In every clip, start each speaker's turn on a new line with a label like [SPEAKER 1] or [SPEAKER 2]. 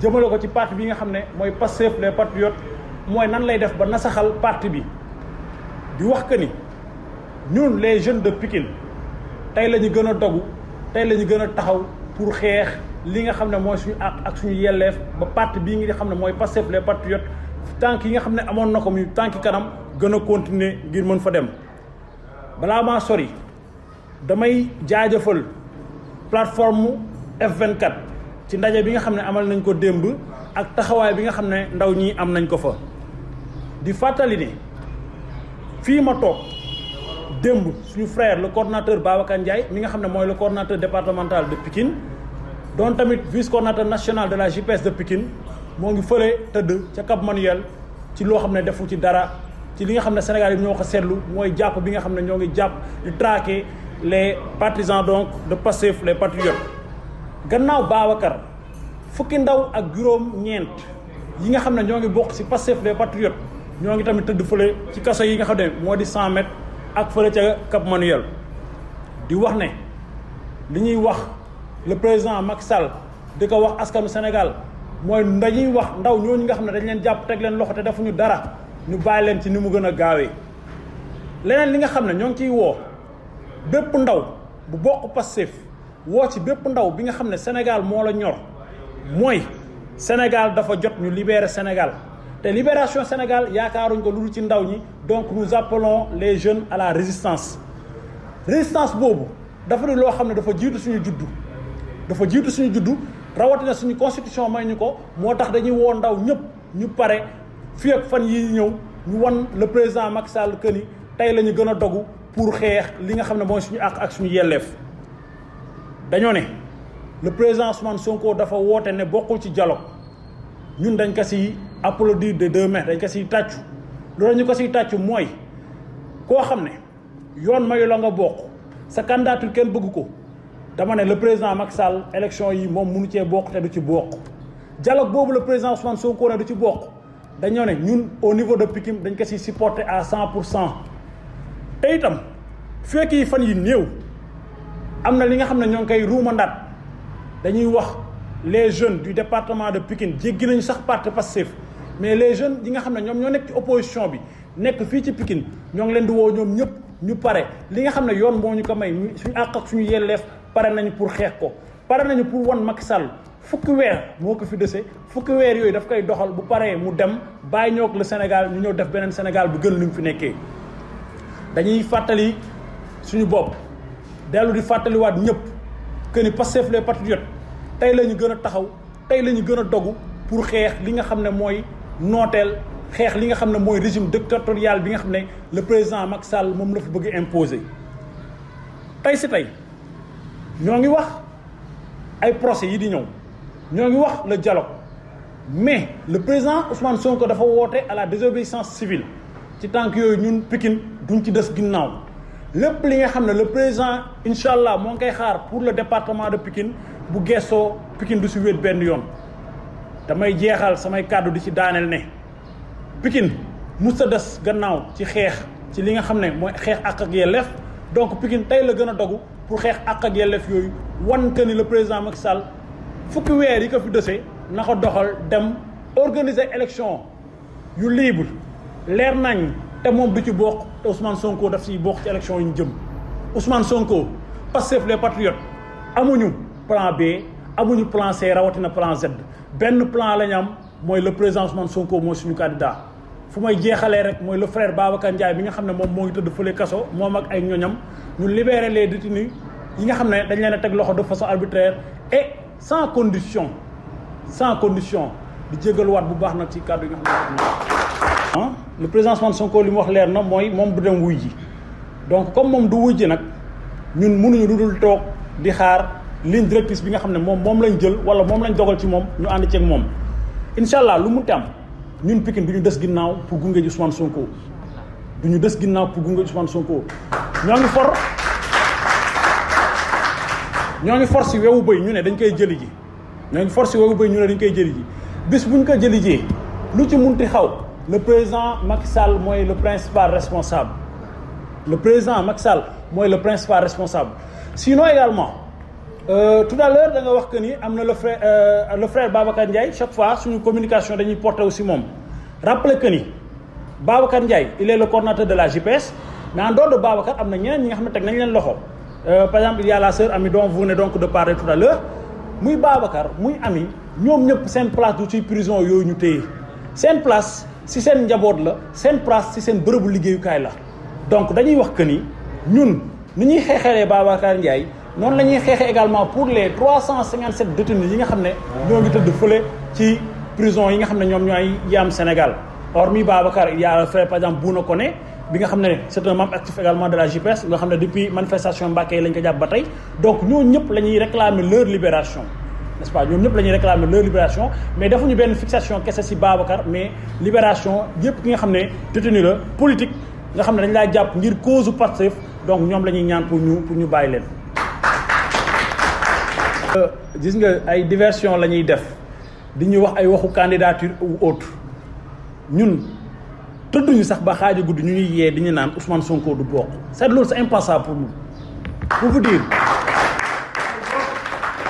[SPEAKER 1] jëmale ko ci parti bi nga xam ne mooy Pastef les patriotes mooy nan lay def ba nasaxal parti bi di wax que ni ñun les jeunes de Pikine tey la ñu gën a dogu tey la ñu gën a taxaw pour xeex li nga xam ne mooy suñu àq ak suñu yelleef ba parti bii nga xam ne mooy Pastef les patriotes tànk yi nga xam ne amoon na ko muy tànki kanam gën a continuer ngir mën fa dem balaa maa sori damay jaajëfal plateforme F24 ci ndaje bi nga xam ne amal nañ ko démb ak taxawaay bi nga xam ne ndaw ñi am nañ ko fa di fàttali ni fii ma toog démb suñu frère le coordonnateur Babacar Ndiaye mi nga xam ne mooy le coordonnateur départemental de Pikine doon tamit vice coordonnateur national de la JPS de Pikine moo ngi fële tëdd ca Cap Manuel ci loo xam ne defu ci dara ci li nga xam ne Sénégal yi ñoo ko seetlu mooy jàpp bi nga xam ne ñoo ngi jàpp di traquer les partisans donc de Pastef les patriotes gannaaw Babacar fukki ndaw ak juróom ñeent yi nga xam ne ñoo ngi bokk si Pastef les patriotes ñoo ngi tamit tëdd fële ci kaso yi nga xam ne moo di 100 mètres ak fële ca Cap Manuel di wax ne li ñuy wax le président Macky Sall di ko wax askanu Sénégal mooy dañuy wax ndaw ñooñu nga xam ne dañ leen jàpp teg leen loxo te defuñu dara ñu bàyyi leen ci ni mu gën a gaawee leneen li nga xam ne ñoo ngi ciy woo bépp ndaw bu bokk Pastef woo ci bépp ndaw bi nga xam ne Sénégal moo la ñor mooy Sénégal dafa jot ñu libérer Sénégal te libération Sénégal yaakaaruñ ko lu ci ndaw ñi donc nous appelons les jeunes à la résistance résistance boobu dafa di loo xam ne dafa jiitu suñu juddu dafa jiitu suñu juddu rawatina suñu constitution may ñu ko moo tax dañuy woo ndaw ñëpp ñu pare fii ak fan yi ñëw ñu wan le président Macky Sall que ni tey la ñu gën a dogu pour xeex li nga xam ne mooy suñu àq ak suñu yelleef dañoo ne le président Ousmane Sonko dafa woote ne bokkul ci dialogue ñun dañ ko siy applaudir de deux mains dañ ko siy tàccu loolu ñu ko siy tàccu mooy koo xam ne yoon mayu la nga bokk sa candidature kenn bëgg ko dama ne le président Macky Sall élection yi moom munu cee bokk te du ci bokk dialogue boobu le président Ousmane Sonko ne du ci bokk dañoo ne ñun au niveau de Pikine dañ ko siy supporter à 100 pour cent te itam fekk yi fan yi néew amna li nga xamne ñong kay ngi koy dañuy wax les jeunes du département de Pikine jéggi nañu sax parti passif mais les jeunes yi nga xamne ñom ñoo nek ci opposition bi nek fi ci Pikine ñong leen di wo ñom ñep ñu paré li nga xamne yoon moo ko may suñu ak ak suñu yellef paré nañu pour xeex ko paré nañu pour won Macky Sall fukki weer moko fi dese fukki weer yoy daf koy doxal bu paré mu dem bay ñok le Sénégal ñu ñëw def benen Sénégal bu gën lu fi nekkee dañuy fatali suñu bop dellu di wat ñep que ni passef les patriotes tay lañu gëna taxaw tay lañu gëna dogu pour xex li nga xam moy notel xex li nga xam moy régime dictatorial bi nga xam le président Macky Sall mom la fi bëgg imposer. tay ci tay ñoo ngi wax ay procès yi di ñew ñoo ngi wax le dialogue mais le président Ousmane Sonko dafa woté à la désobéissance civile ci que yoy ñun Pikine duñ ci dess ginnaw lépp li nga xam ne le président inshallah allah moo ngi koy xaar pour le département de Pikine bu gestoo Pikine du si wéet benn yoon damay jeexal samay kàddu di ci daaneel ne Pikine musta des gannaaw ci xeex ci li nga xam ne mooy xeex ak yelleef donc Pikine tey la gën a dogu pour xeex ak ak yelleef yooyu wan que ni le président Macky Sall fukki weer yi ko fi dese na ko doxal dem organiser élection yu libre leer nañ te mom du ci bok Ousmane Sonko daf ci bok ci élection yi jëm Ousmane Sonko Pastef les patriotes amuñu plan B amuñu plan C na plan Z benn plan la ñu am le président Ousmane Sonko moy suñu candidat fu may jéxalé rek moy le frère Babacar Ndiaye bi nga xamné mom moom moo ngi tëdd fële ak ay ñoñam ñu libérer les détenus yi nga xamné dañ leena tek loxo de façon arbitraire et sans condition sans condition di wat bu baax nag ci cadre yi nga le président Ousmane Sonko li mu wax leer na mooy moom bu dem wuy ji donc comme moom du wuy ji nag ñun mënuñu lu dul toog di xaar ligne directrice bi nga xam ne moom moom lañ jël wala moom lañ dogal ci moom ñu ànd ceeg moom incha allah lu mu tam ñun Pikine du ñu des ginnaaw pour gunge ji Ousmane Sonko du ñu des ginnaaw pour gunge ji Ousmane Sonko ñoo ngi for ñoo ngi for si wewu bëy ñu ne dañ koy jëli ji ñoo ngi for si wewu bëy ñu ne dañ koy jëli ji bis buñ ko jëli ji lu ci munti xaw le président Maxal, est le principal responsable le président Maxal, est le principal responsable sinon également euh, tout à l'heure da nga wax que le frère euh, le Babacar Ndiaye chaque fois sur une communication dañuy porte aussi mon rappelez que ni Babacar Ndiaye il est le coordinateur de la JPS mais en dehors de Babacar il y a ñi nga euh, par exemple il y a la sœur Ami dont vous venez donc de parler tout à l'heure Baba Babacar muy Ami nous ñëpp en place du prison yooyu ñu c'est place si un njaboot la place si la donc dañuy wax que ni ñun ni Babacar Ndiaye également pour les 357 détenus yi nga xam ne ñoo ngi prison Sénégal hormis Babacar il y a frère par exemple c'est un membre actif également de la JPS nga xam depuis manifestation lañ ko donc nous, réclamer leur libération n'est-ce pas ñoom ñëpp la réclamer leur libération mais avons une fixation kese si Babacar mais libération yëpp ki nga xam détenu la politique nga avons une dañ ou pas ngir cause donc nous avons une ñaan pour ñu pour ñu bàyyi leen. Euh, gis nga ay diversion la ñuy def di wax ay waxu candidature ou autre ñun tëdduñu sax ba xaaju guddi ñu ñuy yee Ousmane Sonko du bokk c'est c'est impensable pour nous pour vous dire.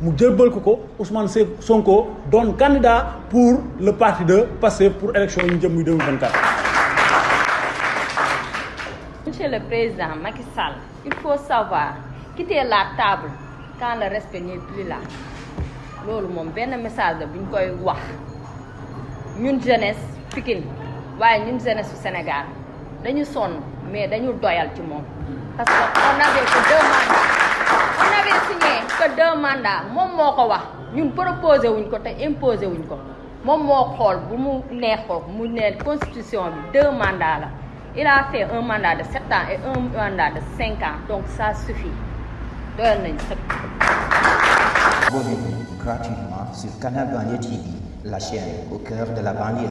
[SPEAKER 1] mu jëbal ko ko Ousmane Sonko doon candidat pour le parti de passer pour élection yi jëm 2024. Monsieur le Président Macky Sall, il faut savoir quitter la table quand le respect n'est plus là loolu moom benn message la bu ñu koy wax ñun jeunesse Pikine waaye ñun jeunesse Sénégal dañu sonn mais dañu doyal ci moom parce que on avait que deux avait signé que deux mandats moom moo ko wax ñun proposé wuñ ko te imposé wuñ ko moom moo xool bu mu mu constitution bi deux mandats la il a fait un mandat de sept ans et un mandat de cinq ans donc ça suffit donnez nañu vous gratuitement sur Canal Banlieue TV, la chaîne au cœur de la banlieue.